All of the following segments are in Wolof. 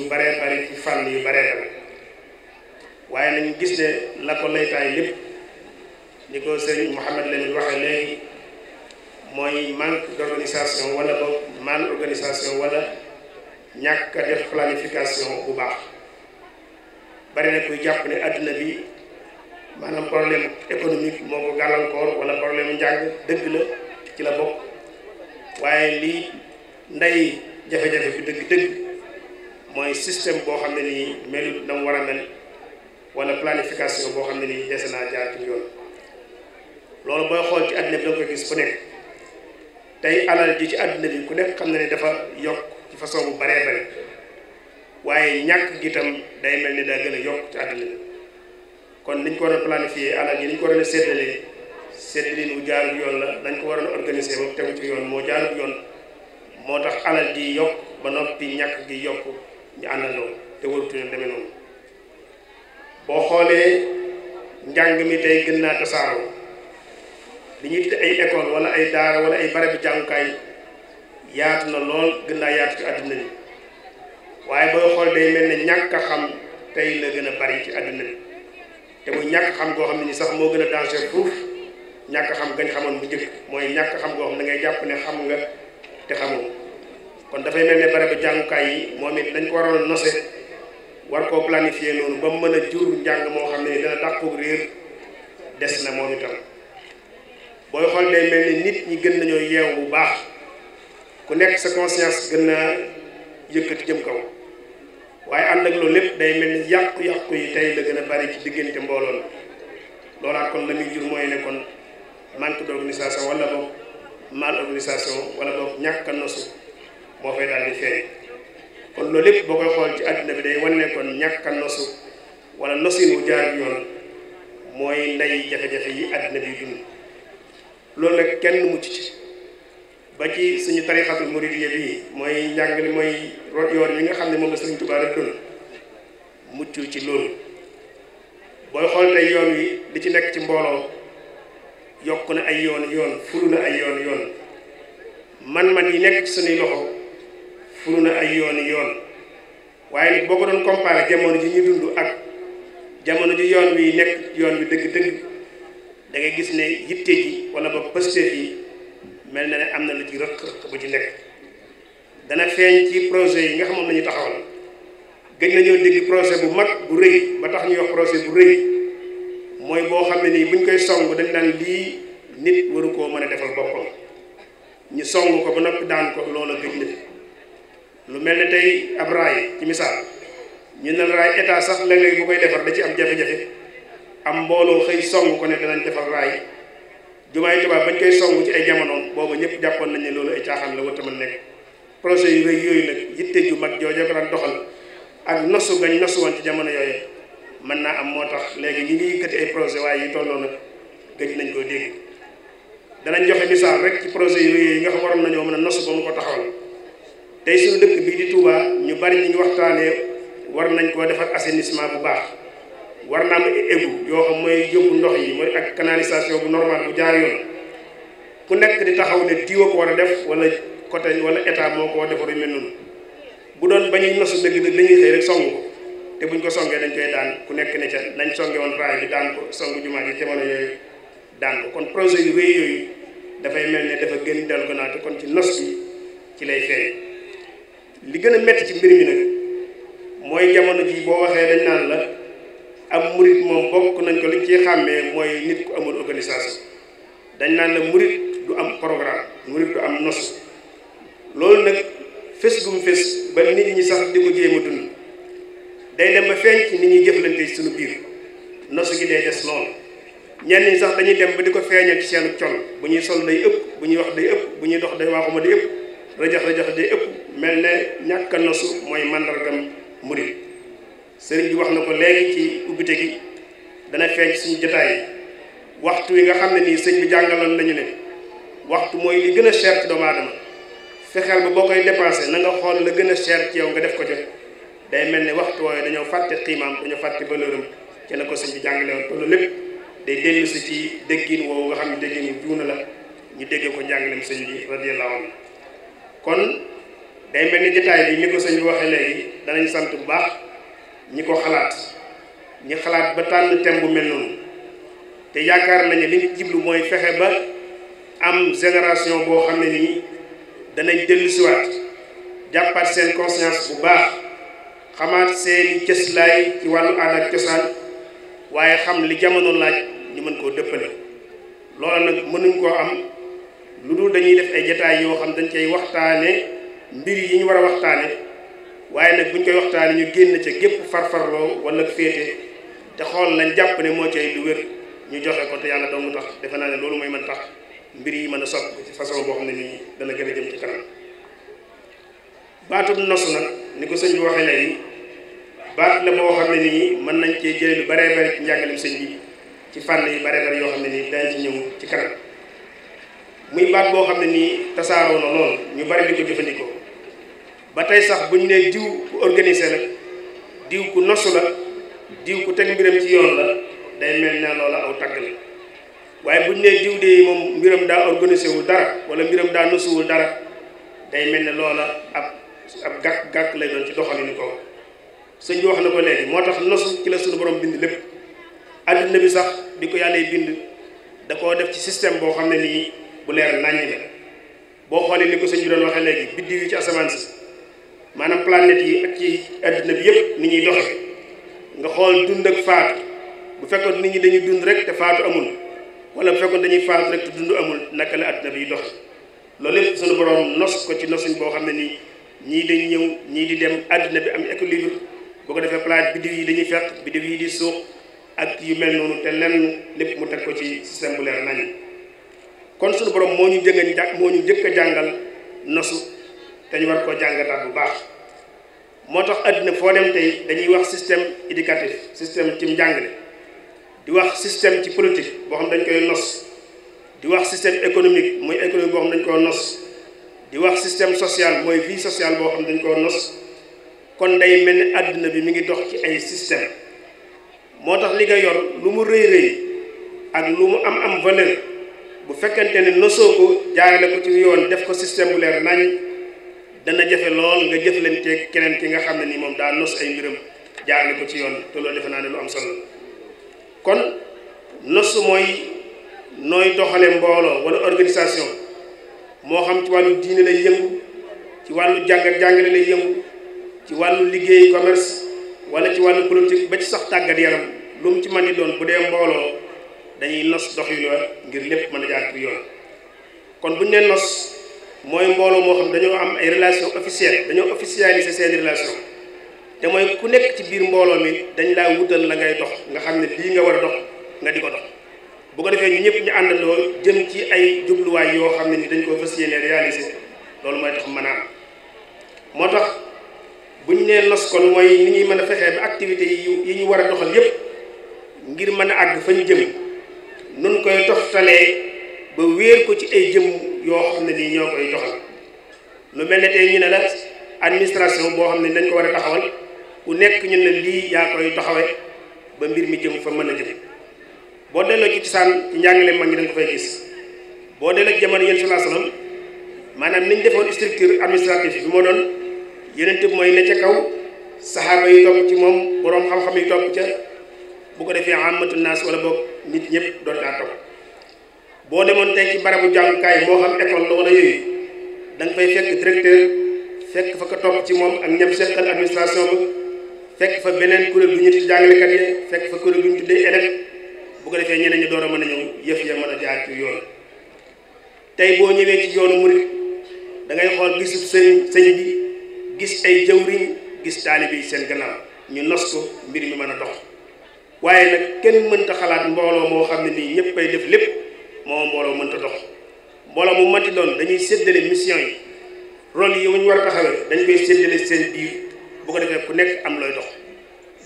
yu baree ci fànn yu baree bari waaye nañu gis ne la ko laytaay lépp ni ko sëriñ Mouhamed Lamine waxe léegi mooy manque d'organisation wala boog mal organisation wala ñàkk def planification bu baax bari na kuy jàpp ne adduna bi maanaam problème économique moo ko gàllankoor wala problème njàng dëgg la ci la bokk waaye lii ndey jafe-jafe bi dëgg-dëgg mooy système boo xam ne nii melut dama war a mel wala planification boo xam ne nii dese naa jaar ci yoon loolu booy xool ci àddina bi da nga gis ku nekk tey alal ji ci àddina bi ku nekk xam ne ni dafa yokk ci façon bu baree bari waaye ñàkk gi tam day mel ni daa gën a yokk ci àddina bi kon niñ ko war a planifier alal ji niñ ko war a séddalee séddalin wu jaarut yoon la dañ ko war a organiser moom tegu ci yoon moo jaarut yoon moo tax alal ji yokk ba noppi ñàkk gi yokk ñu àndandoo te warutu ñu demee noonu boo xoolee njàng mi tey gën naa tasaaroo li ñuy tuddee ay école wala ay daara wala ay barabi jàngukaay yaatu na lool gën naa yaatu ci àddina bi waaye booy xool day mel ne ñàkk xam tey la gën a bari ci àddina bi te muy ñàkk xam goo xam ne ni sax moo gën a danger fuuf ñàkk xam gañ xamoon bu njëkk mooy ñàkk xam goo xam da jàpp ne xam nga te xamoo. kon dafay mel ne barabu jàngukaay yi moom it dañ ko waroon a nose war koo planifier noonu ba mu mën a jur njàng moo xam ne dana dàqu réer des na moom itam booy xool day mel ni nit ñi gën nañoo yeew bu baax ku nekk sa conscience gën naa yëkkati jëm kaw waaye ànd ak loolu lépp day mel yàqu-yàqu yi tey la gën a bari ci diggante mbooloo la loolaat kon la muy jur mooy ne kon manque d'organisation walla boog mal organisation wala boog ñàkk a nosu moo fay daal di feeñ kon loolu lépp boo koy xool ci àdduna bi day wane kon ñàkk nosu wala nosin wu jaar yoon mooy nday jafe-jafe yi àddina bi dund loolu nag kenn mucc ci ba ci suñu tarixatul muridiyya bi mooy njàng li mooy root yoon yi nga xam ne moom la Sëriñ Tuubaa rëddoon mucc ci loolu booy xool tey yoon yi li ci nekk ci mbooloo yokk na ay yoon yoon fulu na ay yoon yoon man-man yi nekk ci suñuy loxo furu na ay yooni yoon waaye nag boo ko doon comparé jamono ji ñu dund ak jamono ji yoon wi nekk yoon wi dëgg-dëgg da ngay gis ne yitte ji wala ba pësteef yi mel na ne am na lu ji rëq-rëq bu ci nekk dana feeñ ci projet yi nga xamoon moom la ñu taxawal gëj nañoo dégg projet bu mag bu rëy ba tax ñu wax projet bu rëy mooy boo xam ne nii buñ koy song dañ daan lii nit waru koo mën a defal boppam ñu song ko ba noppi daan ko loola gëj na lu mel ne tey ab raay ci misaal ñu ne raay état sax léeg-léeg bu koy defar da ci am jafe-jafe am mbooloo xëy song ko ne danañ defar raay jumaay tubaab bañ koy song ci ay jamonoom booba ñëpp jàppoon nañ ne loolu ay caaxaan la wata mën nekk projet yu rëy yooyu nag yitte ju mag jooju ko daan doxal ak nosu gañ nosu woon ci jamono yooyu mën naa am moo tax léegi ñi ngi yëkkati ay projet waaye yu tolloo nag gëj nañ koo dégg danañ joxe misaal rek ci projet yu rëy yi nga xam waroon nañoo mën a nosu ba mu ko taxawal tey suñu dëkk bii di Touba ñu bari ñu ngi waxtaanee war nañ koo defar assainissement bu baax war naa am égout yoo xam mooy yóbbu ndox yi mooy ak canalisation bu normal bu jaar yoon ku nekk di taxaw ne diwa ko war a def wala côté wala état moo ko defar yu mel noonu bu doon bañuy nosu dëgg dëgg song ko te buñ ko songee dañ koy daan ku nekk ne ca lañ woon raay bi daan ko songu jumaa ji jamono yooyu daan kon projet yu rëy yooyu dafay mel ne dafa gën dellu gannaaw te kon ci nos bi ci lay feeñ li gën a métti ci mbir mi nag mooy jamono ji boo waxee dañ naan la am murit moom bokk nañ ko liñ ci xàmmee mooy nit ku amul organisation dañ naan la murit du am programme murit du am nos loolu nag fés gum fés ba nit ñi sax di ko jéem a dund day dem ba feeñ ci nit ñi lañ ci suñu biir nosu gi day des lool ñenn ñi sax dañuy dem ba di ko feeñal ci seen col bu ñuy sol day ëpp bu ñuy wax day ëpp bu ñuy dox day waxuma day ëpp rajax rajax day ëpp mel ne ñàkk a nosu mooy màndargam murit sëriñ bi wax na ko léegi ci ubbite gi dana feeñ suñu jotaay waxtu wi nga xam ne nii sëñ bi jàngaloon lañu ne waxtu mooy li gën a cher ci doomu aadama fexeel ba boo koy dépensé na nga xool la gën a cher ci yow nga def ko ci day mel ne waxtu wooyu dañoo fàtte xiimaam dañoo fàtte valeuram ci la ko sëñ bi jàngale woon loolu lépp day dellu si ci déggin woowu nga xam ne déggin yu la ñu déggee ko njàngaleem sëñ bi radiyallahu anhu day benn ni jotaay bi ni ko sëñ bi waxee léegi danañ sant bu baax ñi ko xalaat ñi xalaat ba tànn thème bu mel noonu te yaakaar nañu li jiblu mooy fexe ba am génération boo xam ne nii danañ dellusiwaat jàppat seen conscience bu baax xamaat seen cëslaay ci wàllu aada ak cosaan waaye xam li jamono laaj ñu mën koo dëppale loola nag mënuñ koo am lu dul dañuy def ay jotaay yoo xam dañ cay waxtaane mbir yi ñu war a waxtaane waaye nag buñ koy waxtaane ñu génn ca gépp farfarloo wala féete te xool lañ jàpp ne moo cay lu wér ñu joxe ko te yàlla doomu tax defe naa ne loolu mooy man tax mbir yi mën a sopp ci façon boo xam ne nii dana gën a jëm ci kanam baatub ni ko sëñ bi waxee léegi baat la moo xam ne mën nañ cee jële lu baree bari sëñ bi ci fànn yi baree bari yoo xam ne nii dañ ci ñëw ci kanam muy baat boo xam ne nii tasaaroo na lool ñu bari di ko jëfandikoo ba tey sax bu ñu nee diw ku organisé la diw ku nosu la diw ku teg mbiram ci yoon la day mel ne loola aw tagg la waaye bu ñu nee diw de moom mbiram daa organisé wu dara wala mbiram daa nosuwul dara day mel ne loola ab ab gàkk gàkk lay doon ci doxalinu ko sëñ bi wax na ko léegi moo tax nosu ci la suñu borom bind lépp àddina bi sax di ko yàlla bind da koo def ci système boo xam ne nii bu leer naññ la boo xoolee ni ko sëñ bi doon waxee léegi biddiw yi maanaam planète yi ak ci àddina bi yëpp ni ñuy doxe nga xool dund ak faatu bu fekkoon nit ñi dañuy dund rek te faatu amul wala bu fekkoon dañuy faatu rek te dund amul naka la addina biy doxe loolu yëpp sunu borom nos ko ci nosin boo xam ne nii ñii dañ ñëw ñii di dem addina bi am équilibre boo ko defee planète biddiw yi dañuy fekk biddiw yi di suux ak yu mel noonu te lenn lépp mu teg ko ci système bu leer kon sunu borom moo ñu jëngañ moo ñu jëkk a jàngal nosu dañu ñu war koo jàngataat bu baax moo tax àddina foo dem tey dañuy wax système éducatif système ci njàngale di wax système ci politique boo xam dañ koy nos di wax système économique mooy économie boo xam dañ koo nos di wax système social mooy vie social boo xam dañ koo nos kon day mel ni àddina bi mi ngi dox ci ay système moo tax li nga yor lu mu rëy rëy ak lu mu am am valeur bu fekkente ne nosoo ko jaarale ko ci yoon def ko système bu leer nañ dana jafe lool nga jëflanteeg keneen ki nga xam ne ni moom daa nos ay mbiram jaarale ko ci yoon te loolu defe naa ne lu am solo kon nos mooy nooy doxale mbooloo wala organisation moo xam ci wàllu diine lay yëngu ci wàllu jàng ak jàngale lay yëngu ci wàllu liggéey commerce wala ci wàllu politique ba ci sax tàggat yaram lu ci man di doon bu dee mbooloo dañuy nos dox yu ngir lépp mën a jaar yoon kon buñ nee nos. mooy mbooloo moo xam dañoo am ay relation officielle dañoo officialiser seen relation te mooy ku nekk ci biir mbooloo mi dañ laa wutal la ngay dox nga xam ne lii nga war a dox nga di ko dox bu ko defee ñu ñëpp ñu àndandoo jëm ci ay jubluwaay yoo xam ne ni dañ ko fas yéene loolu mooy tax mën a moo tax bu ñu nos kon mooy ni ñuy mën a fexee ba activités yi ñu war a doxal yëpp ngir mën a àgg fañ jëm nun koy toftalee ba wéer ko ci ay jëm yoo xam ne nii ñoo koy doxal lu mel ne tey ñu ne la administration boo xam ne dañ ko war a taxawal ku nekk ñu ne lii yaa koy taxawe ba mbir mi jëm fa mën a jëm boo delloo ci cosaan njàngale mag ñi dañ ko fay gis boo delloo ci jamono yéen salaa maanaam niñ defoon structure administrative bi moo doon yeneen tëb mooy ne ca kaw saxaaba yi topp ci moom boroom xam-xam yi topp ca bu ko defee amatu naas wala boog nit ñëpp doon daa topp boo demoon tey ci barabu jàngukaay moo xam école la wala yooyu da nga fay fekk directeur fekk fa ko topp ci moom ak ñam seqal administration ba fekk fa beneen kuréel bu ñu ci jàngalekat ya fekk fa kuréel bu ñu tuddee élève bu ko defee ñeneen ñi a mën a ñëw yëf ya mën a jaar ci yoon tey boo ñëwee ci yoonu murit da ngay xool gisub sëñ sëñ bi gis ay jëwriñ gis taalibe yi seen gannaaw ñu nos ko mbir mi mën a dox waaye nag kenn mënta xalaat mbooloo moo xam ne nii ñëpp ay def lépp moo mbooloo mënta dox mbooloo mu mati doon dañuy séddale mission yi rôle yi ñu war a taxawee dañ koy séddale seen biir bu ko defee ku nekk am looy dox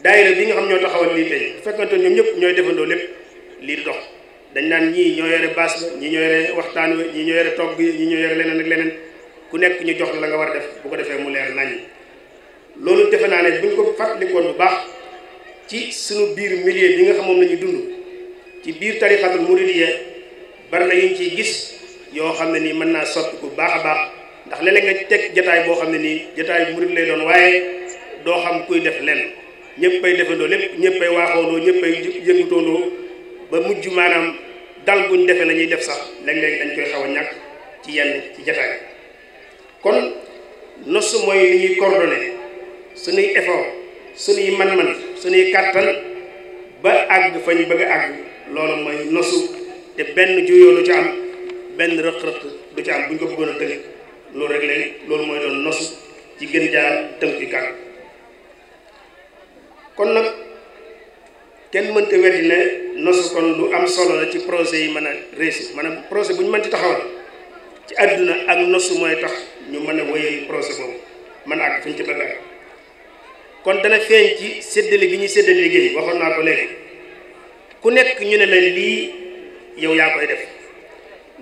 daayira bi nga xam ñoo taxawal lii tey bu fekkante ñoom ñëpp ñooy defandoo lépp lii dox dañ naan ñii ñoo yore baas ba ñoo yore waxtaan wi ñii ñoo yore togg yi ñoo yore leneen ak leneen ku nekk ñu jox la nga war a def bu ko defee mu leer nañ loolu defe naa ne buñ ko fàttalikoon bu baax ci suñu biir milieu bi nga xam moom la ñuy dund ci biir tarixatul muridiyya bari na yuñ ciy gis yoo xam ne nii mën naa soppi ku baax a baax ndax léeg-léeg nga teg jataay boo xam ne nii jataay murid lay doon waaye doo xam kuy def lenn ñëpp ay lépp ñëpp ay waaxoondoo ñëpp ay yëngutoondoo ba mujj maanaam dal buñ defee la def sax léeg-léeg dañ koy xaw a ñàkk ci yenn ci jataay kon nos mooy li ñuy coordonné suñuy effort suñuy man-man suñuy kàttan ba àgg fañ bëgg àgg loolu mooy nosu te benn juyoo lu ci am benn rëq-rëq du ci am bu ñu ko bëggoon a tënk loolu rek léegi loolu mooy doon nos ci gën jaar tënk ci kàddu kon nag kenn mënta weddi ne nos kon lu am solo la ci projet yi mën a réussir maanaam projet bu ñu mën ci taxawal ci àdduna ak nosu mooy tax ñu mën a wéyal projet boobu mën a ak fi ñu ci bëgg a kon dana feeñ ci séddale gi ñuy séddale liggéey waxoon naa ko léegi ku nekk ñu ne la lii. yow yaa koy def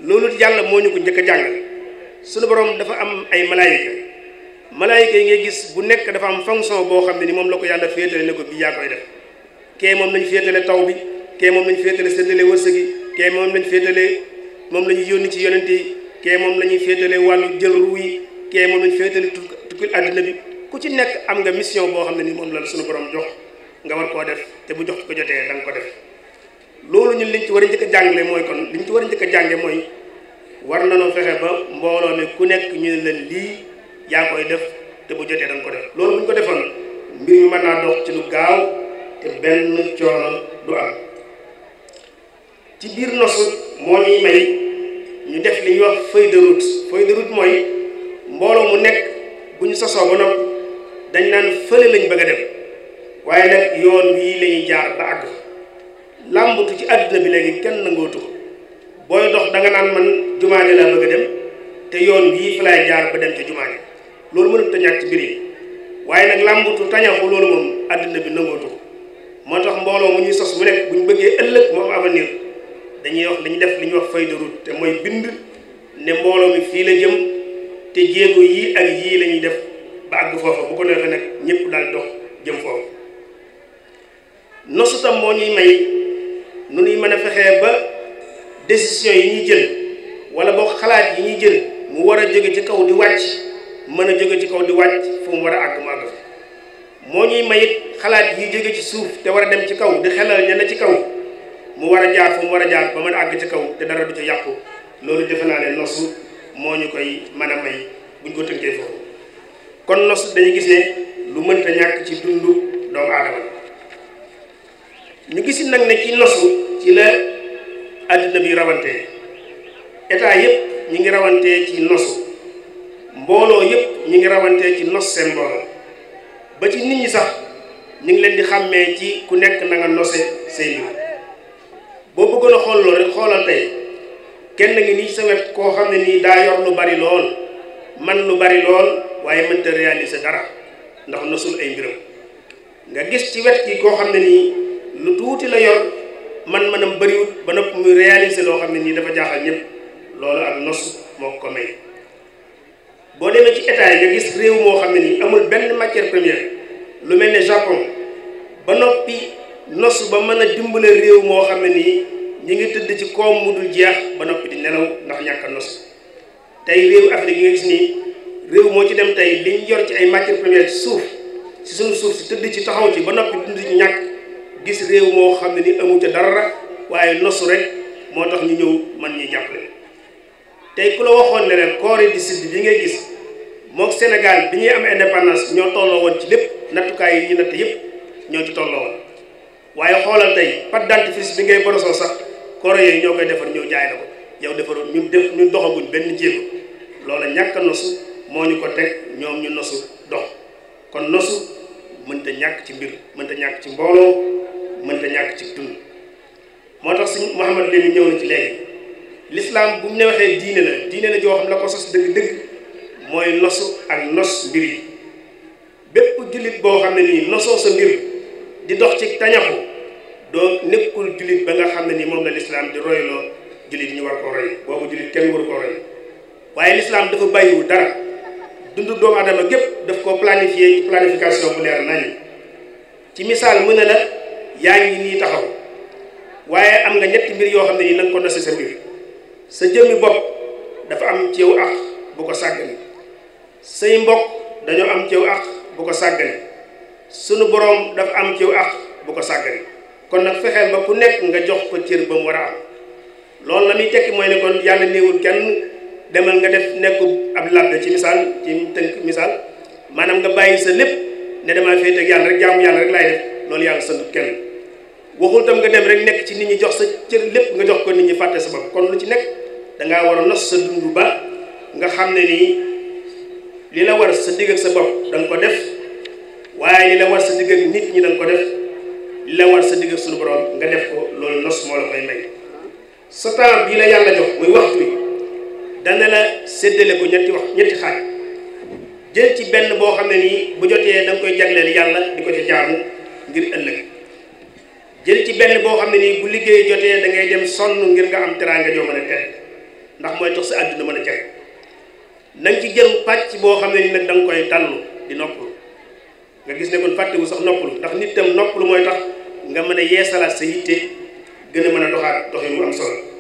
loolu yàlla moo ñu ko njëkk a jàngal suñu borom dafa am ay malaayika malaayika yi ngay gis bu nekk dafa am fonction boo xam ne ni moom la ko yàlla féetale ne ko bii yaa koy def kee moom lañ féetale taw bi kee moom lañ féetale séddale wërsëg yi kee moom lañ féetale moom la ñu yónni ci yonente yi moom la ñuy féetale wàllu jël ruu yi kee moom la ñu féetale tukkil àddina bi ku ci nekk am nga mission boo xam ne ni moom la suñu borom jox nga war koo def te bu jox ko jotee da ko def loolu ñun liñ ci war a njëkk a mooy kon liñ ci war a njëkk a jànge mooy war nañoo fexe ba mbooloo mi ku nekk ñu ne la lii yaa koy def te bu jotee danga ko def loolu bu ñu ko defoon mbir mi mën naa dox ci lu gaaw te benn coono du am ci biir nosu moo ñuy may ñu def li ñuy wax feuille de route feuille route mooy mbooloo mu nekk bu ñu sosoo ba nopp dañ naan fële lañ bëgg a dem waaye nag yoon wii la jaar ba àgg làmbatu ci àdduna bi léegi kenn nangootu ko booy dox danga naan man jumaa ji laa bëgg a dem te yoon bii fa laay jaar ba dem ci jumaa loolu mënut a ñàkk waaye nag làmbatu tañaxu loolu moom àdduna bi nangootu moo tax mbooloo mu ñuy sos mu nekk bu ñu bëggee ëllëg mu am avenir dañuy wax li ñu def li ñuy wax feuille de te mooy bind ne mbooloo mi fii la jëm te jéego yii ak yii lañuy def ba àgg foofa bu ko neexee nag ñëpp daal dox jëm foofu nosu moo ñuy may nu ñuy mën a fexee ba décision yi ñuy jël wala boog xalaat yi ñuy jël mu war a jóge ci kaw di wàcc mën a jóge ci kaw di wàcc fu mu war a àgg mu àgg moo ñuy mayit xalaat yi jóge ci suuf te war a dem ci kaw di xelal ña ci kaw mu war a jaar fu mu war a jaar ba mën a àgg ci kaw te dara du ci yàqu loolu defe naa ne nosu moo ñu koy mën a may buñ ko tënkee foofu kon nos dañu gisee lu mënta ñàkk ci dundu doomu aadama ñu gis nag ne ci nosu ci la addina bi rawantee état yëpp ñu ngi rawantee ci nosu mbooloo yëpp ñu ngi rawantee ci nos seen mbooloo ba ci nit ñi sax ñu ngi leen di xàmmee ci ku nekk na nga nose say mbir boo bëggoon a xool loolu rek xoolal tey kenn ngi nii sa wet koo xam ne nii daa yor lu bari lool man lu bari lool waaye mënta réaliser dara ndax nosul ay mbiram nga gis ci wet ki koo xam ne nii lu tuuti la yor man manam bëriwut ba noppi muy réaliser loo xam ne nii dafa jaaxal ñëpp loolu ak nos moo ko may boo demee ci état yi nga gis réew moo xam ne nii amul benn matière première lu mel ne Japon ba noppi nos ba mën a dimbale réew moo xam ne nii ñu ngi tëdd ci koom mu dul jeex ba noppi di nelaw ndax ñàkk a nos tey réew Afrique yi nga gis nii réew moo ci dem tey liñ yor ci ay matière première ci suuf si suñu suuf si tëdd ci taxaw ci ba noppi dund gis réew moo xam ne ni amu ca dara waaye nosu rek moo tax ñu ñëw man ñuy jàppale tey ku la waxoon ne leen Corée du Sud bi ngay gis mook Sénégal bi ñuy amee indépendance ñoo tolloo woon ci lépp nattukaay yi ñu natt yëpp ñoo ci tolloo woon waaye xoolal tey pâte dentifrice bi ngay borosoo sax Corée yooyu ñoo koy defar ñëw jaay la ko yow defaroon ñun def ñu doxaguñ benn jéego loola ñàkk nosu moo ñu ko teg ñoom ñu nosu dox kon nosu mënta ñàkk ci mbir mënta ñàkk ci mbooloo mënta ñàkk ci dund moo tax suñ Mouhamad li ñëw na ci léegi lislaam bu mu ne waxee diine la diine la joo xam la ko sos dëgg-dëgg mooy nosu ak nos mbir yi bépp jullit boo xam ne nii nosoo sa mbir di dox ci tañaxu doo nekkul jullit ba nga xam ne nii moom la l'islam di royloo jullit ñu war ko roy boobu jullit kenn waru ko roy waaye l'islam dafa bàyyiwu dara dundu doomu adama gépp daf ko planifié ci planification bu leer nañ ci misaal mu ne la yaa ngi nii taxaw waaye am nga ñetti mbir yoo xam ne nii na nga ko nose sa mbir sa jëmmi bopp dafa am ci yow ak bu ko sàggane say mbokk dañoo am ci yow ak bu ko sàggane sunu boroom dafa am ci yow ak bu ko sàggane kon nag fexeel ba ku nekk nga jox ko cër ba mu war a am loolu la muy tekki mooy ne yàlla néewul kenn demal nga def nekku ab labbe ci misaal ci tënk misaal maanaam nga bàyyi sa lépp ne damaa féete ak yàlla rek jaamu yàlla rek laay def loolu yàlla sëntu kenn waxul tam nga dem rek nekk ci nit ñi jox sa cër lépp nga jox ko nit ñi fàtte sa bopp kon lu ci nekk dangaa war a nos sa dund ba nga xam ne nii li la war sa digg sa bopp danga ko def waaye li la war sa digg ak nit ñi danga ko def li sa digg suñu borom nga def ko loolu nos moo la koy may sa temps bii la yàlla jox muy waxtu wi dana la séddale ko ñetti wax ñetti xaaj jël ci benn boo xam ne nii bu jotee da koy jagleel yàlla di ko ca jaamu ngir ëllëg jël ci benn boo xam ne nii bu liggéey jotee da ngay dem sonn ngir nga am teraanga joo mën a tere ndax mooy tax sa àddina mën a tere na ci jël pàcc boo xam ne nii nag da nga koy tàllu di noppalu nga gis ne kon fàttewu sax noppalu ndax nit tam noppalu mooy tax nga mën a yeesalaat sa yitte gën a mën a doxaat doxin bu am solo.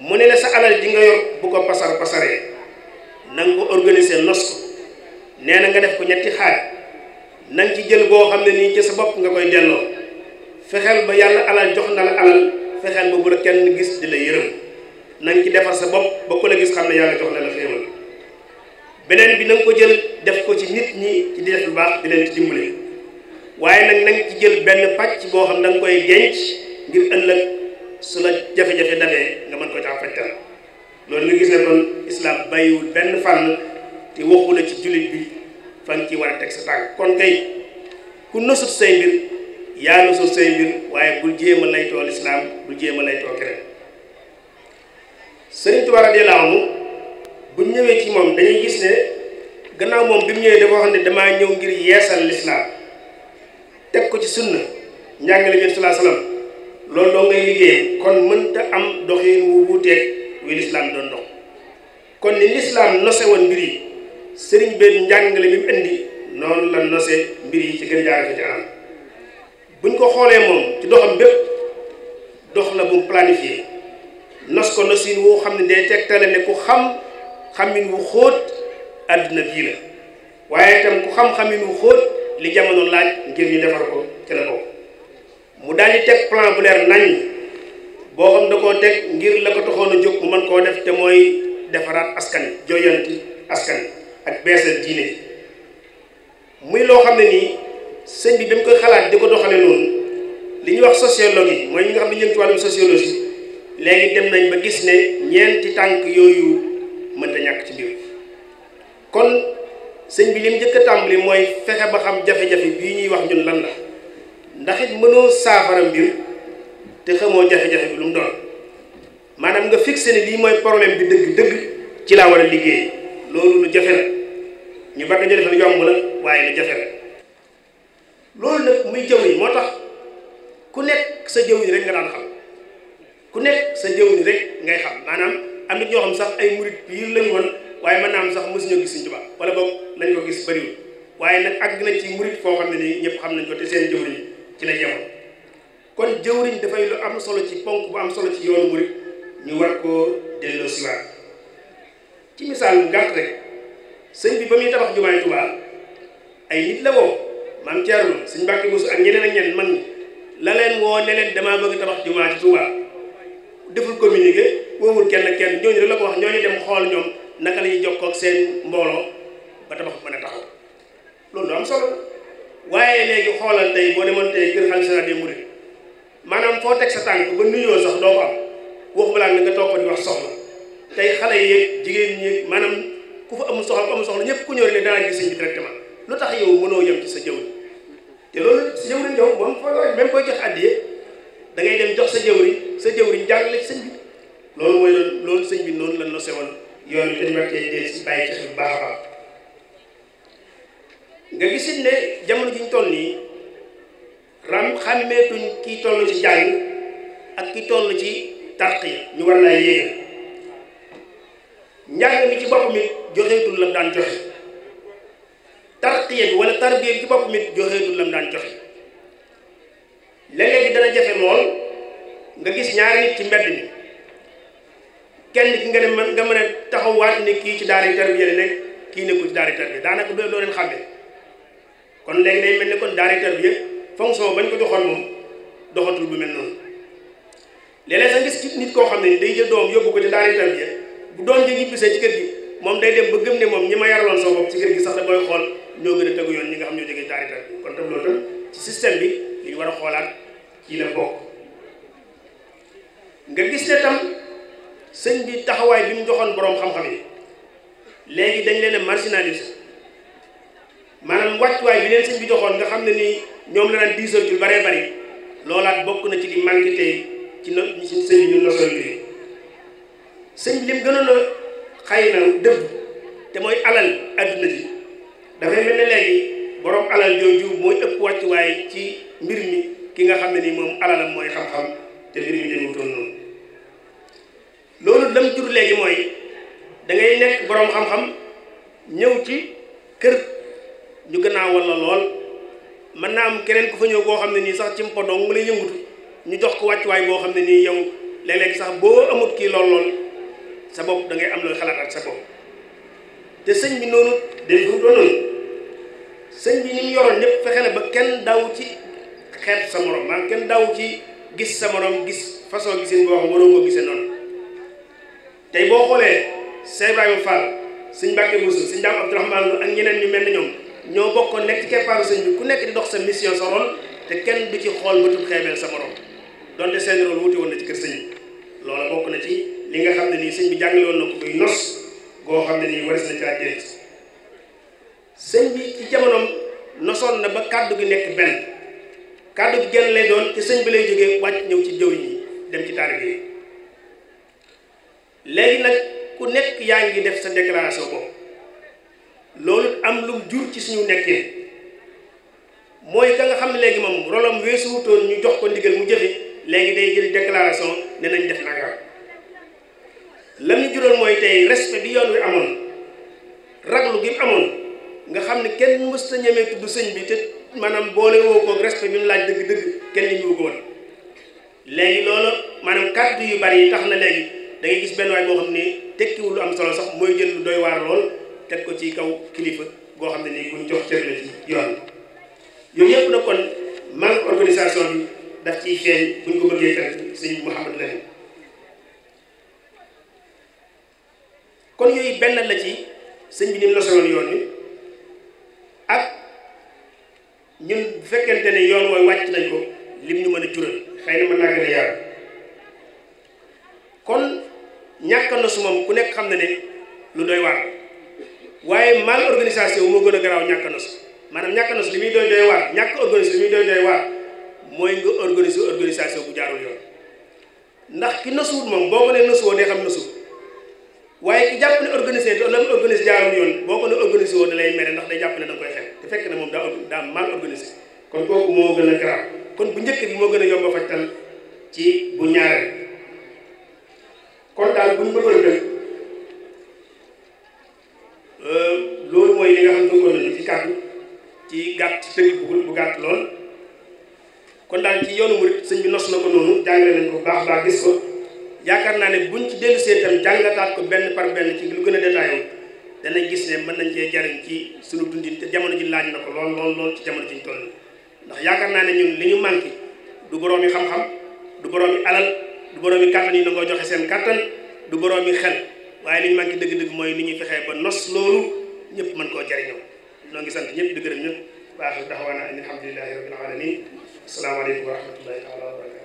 mu ne la sa alal ji nga yor bu ko pasar pasaree na nga ko organiser nos ko nee na nga def ko ñetti xaaj na ci jël boo xam ne nii ci sa bopp nga koy delloo fexeel ba yàlla alal jox na la alal fexeel ba bu la kenn gis di la yërëm na ci defar sa bopp ba ku la gis xam ne yàlla jox na la xéewal beneen bi na ko jël def ko ci nit ñi di def lu baax di leen ci dimbale waaye nag na nga ci jël benn pàcc boo xam ne nga koy denc ngir ëllëg. su la jafe-jafe dabee nga mën ko caa fajtal loolu nga gis ne kon bàyyiwul benn fànn te waxu ci jullit bi fan ci war a teg sa tànk kon kay ku nësut say mbir yaa nësut say mbir waaye bul jéem a laytoo lislaam bul jéem a laytoo keneen Sëriñ Tuubaa radiyallaahu anhu bu ñëwee ci moom dañuy gis ne gannaaw moom bi mu ñëwee dafa xam ne damaa ñëw ngir yeesal lislaam teg ko ci sunna njàngale bi sallallahu alayhi wa sallam loolu doo ngay liggéeyam kon mënta am doxin wu wuuteeg wi lislaam doon dox kon ni lislaam nose mbir yi sëriñ benn njàngale bi mu indi noonu la nose mbir yi ci gën jaarale ci anam buñ ko xoolee moom ci doxam bépp dox la bu planifié nos ko nosin woo xam ne day tegtale ne ku xam xamin wu xóot àddina bii la waaye tam ku xam xamin wu xóot li jamono laaj ngir ñu defar ko ci la mu daal di teg plan bu leer nañ boo xam da ko teg ngir la ko taxoon a jóg mu mën koo def te mooy defaraat askan jooyanti askan ak beesal diine muy loo xam ne nii sëñ bi ba mu koy xalaat di ko doxale noonu li ñuy wax sociologie mooy ñi nga xam ne ñoom ci wàllum sociologie léegi dem nañ ba gis ne ñeenti tànk yooyu mënta ñàkk ci mbir kon sëñ bi li mu njëkk a tàmbali mooy fexe ba xam jafe-jafe bii ñuy wax ñun lan la ndax it mënoo saafara mbir te xamoo jafe-jafe bi lu mu doon maanaam nga fixé ne lii mooy problème bi dëgg-dëgg ci laa war a liggéey loolu lu jafe la ñu bari dañu defe yomb la waaye jafe la loolu nag muy jëw yi moo tax ku nekk sa jëw yi rek nga daan xam ku nekk sa jëw yi rek ngay xam maanaam am na ñoo xam sax ay murit biir lañu woon waaye mën naa am sax ñoo gis Sëñ Tuubaa wala boog lañ ko gis bëriwul waaye nag àgg na ci murit foo xam ne nii ñëpp xam nañ ko te seen jëw ci la yemoon kon jëwriñ dafay lu am solo ci ponk bu am solo ci yoonu murit ñu war ko delloo siwaat ci misaal mu gàtt sëñ bi ba muy tabax jumaay Tuubaa ay nit la woo maam Thierno sëñ Mbàkke Buso ak ñeneen ak ñeneen man la leen woo ne leen damaa bëgg tabax jumaa ci Tuubaa deful communiqué woowul kenn kenn ñooñu la ko wax ñooñu dem xool ñoom naka la ñuy jokkoo ak seen mbooloo ba tabax mën a taxaw loolu am solo waaye léegi xoolal tey boo demoon tey kër xalifa général des mourides maanaam foo teg sa tànk ba nuyoo sax doo ko am waxuma laa nga toog ko di wax soxla tey xale yeeg jigéen ñi maanaam ku fa amul soxla ku soxla ñëpp ku ñëw ne danaa gis sëñ lu tax yow mënoo yem ci sa jëwriñ te loolu sa jëwriñ yow moom fa même koy jox addiye da ngay dem jox sa jëwriñ sa jëwriñ jàngale ci sëñ bi loolu mooy loolu sëñ bi noonu la nosewoon yoon bi dañu war cee si bàyyi ci bu baax a baax nga gisit ne jamono ji ñu toll nii ram xam xàmmeetuñ kii toll ci jàng ak kii toll ci tarqiya ñu war laa yéegal njàng mi ci bopp mi joxeetul lam daan joxe tarqiya bi wala tarbiya bi ci bopp mi joxeetul lam daan joxe léeg-léeg dana jafe lool nga gis ñaari nit ci mbedd mi kenn ki nga ne man nga mën a taxawaat ne kii ci daari tarbiya la nekk kii nekkul ci daari tarbiya daanaka doo leen xàmmee kon léegi day mel ni kon daara tarbiya fonction bañ ko joxoon moom doxatul bu mel noonu léeg-léeg sax nit koo xam ne day jël doom yóbbu ko ci daara tarbiya bu doom ji ñibbisee ci kër gi moom day dem ba gëm ne moom ñi ma yaraloon sama bopp ci kër gi sax da booy xool ñoo gën a tegu yoon ñi nga xam ñoo jógee daara tarbiya kon tam loolu tam ci système bi li war a xoolaat ci la bokk nga gis seetam tam sëñ bi taxawaay bi mu joxoon boroom xam yi léegi dañ leen a wàccuwaay bi leen sëñ bi joxoon nga xam ne ni ñoom la daan diisoo ci lu bëree loolaat bokk na ci li manqué ci no ci sëñ bi ñu nosal bi sëñ bi a xay na dëgg te mooy alal adduna ji dafay mel ne léegi borom alal jooju mooy ëpp wàccuwaay ci mbir mi ki nga xam ne nii moom alalam mooy xam-xam te mbir mi demutoon noonu loolu lam jur léegi mooy dangay ngay nekk borom xam-xam ñëw ci kër. ñu gannaawal la lool mën naa am keneen ku fa ñëw koo xam ne nii sax ci mpodong mu lay yëngutu ñu jox ko wàccuwaay boo xam ne nii yow léeg-léeg sax boo amut kii lool lool sa bopp da ngay am looy xalaat ak sa bopp te sëñ bi noonu day doo doonoon sëñ bi ni mu yoroon ñëpp fexe na ba kenn daw ci xeet sa morom maanaam kenn daw ci gis sa morom gis façon gisin boo xam waroo ko gisee noonu tey boo xoolee Cheikh Ibrahima Fall sëñ Mbàkke Bousso sëñ Daam Abdourahmane ak ñeneen ñu mel ni ñoom ñoo bokkoon nag ci keppaaru sëñ bi ku nekk di dox sa mission sa rôle te kenn du ci xool bëtub xeebeel sa morom donte seen rôle wuti woon na ci kër sëñ bi na ci li nga xam ne nii sëñ bi jàngale na ko kuy nos goo xam ne nii waris na caa sëñ bi ci jamonoom nosoon na ba kàddu gi nekk benn kàddu gi genn lay doon ci sëñ bi lay jógee wàcc ñëw ci jëw yi dem ci taalibe yi léegi nag ku nekk yaa ngi def sa déclaration bopp loolu am lu jur ci suñu nekkin mooy ka nga xam ne léegi moom rolam weesu wutoon ñu jox ko ndigal mu jëfe léegi day jël déclaration ne nañ def nangam la ñu juróon mooy tey respect bi yoon wi amoon raglu gi amoon nga xam ne kenn mës ta ñemee tudd sëñ bi te maanaam boole woo ko respect bi mu laaj dëgg-dëgg kenn li ñu léegi loolu maanaam kàddu yu bari yi tax na léegi da gis benn waay boo xam ne tekkiwul lu am solo sax mooy jël lu doy waar lool teg ko ci kaw kilifa goo xam ne nii buñ jox cër la ci yoon yooyu yëpp nag kon manque organisation bi daf ciy feeñ buñ ko bëggee tënk sëñ Mouhamadou Lamine kon yooyu benn la ci sëñ bi ni mu nosaloon yoon wi ak ñun bu fekkente ne yoon mooy wàcc nañ ko lim ñu mën a jural xëy na mën naa gën a yaatu kon ñàkk na su moom ku nekk xam na ne lu doy waar waaye mal organisation moo gën a garaaw ñàkk nos maanaam ñàkk nos li muy doy doy waar ñàkk organise li muy doy doy waar mooy nga organiser organisation bu jaarul yoon ndax ki nosuwut moom boo ko ne nosuwoo day xam nosuwut waaye ki jàpp ne organisé la mu organisé jaarul yoon boo ko ne woo da lay mere ndax day jàpp ne da koy xel te fekk na moom daa daa mal organisé kon kooku moo gën a garaaw kon bu njëkk bi moo gën a yomb a tal ci bu ñaareel Euh, loolu mooy li nga xam ne danga ko doon ci kàddu ci gàtt ci tënk bu bu gàtt lool kon daal ci yoonu murit sëñ bi nos na ko noonu jàngale gis ko yaakaar naa ne buñ ci dellu see jàngataat ko benn par benn ci lu gën a détaillé danañ gis ne mën nañ cee jariñ ci suñu dundin te jamono ji laaj na ko lool lool lool ci jamono jiñ toll ndax yaakaar naa ne ñun li ñu manqué du boroomi xam-xam du boroomi alal du boroomi kàttan yi nangoo joxe seen kàttan du boroomi xel waaye li ñu manqué dëgg-dëgg mooy li ñuy fexee ba nos loolu ñëpp mën koo jariñoo noo ngi sant ñëpp di gërëm dax baax daxwaana an alhamdulilahi rabbil alamin asalaamaaleykum wa rahmatullahi taala wa barakatu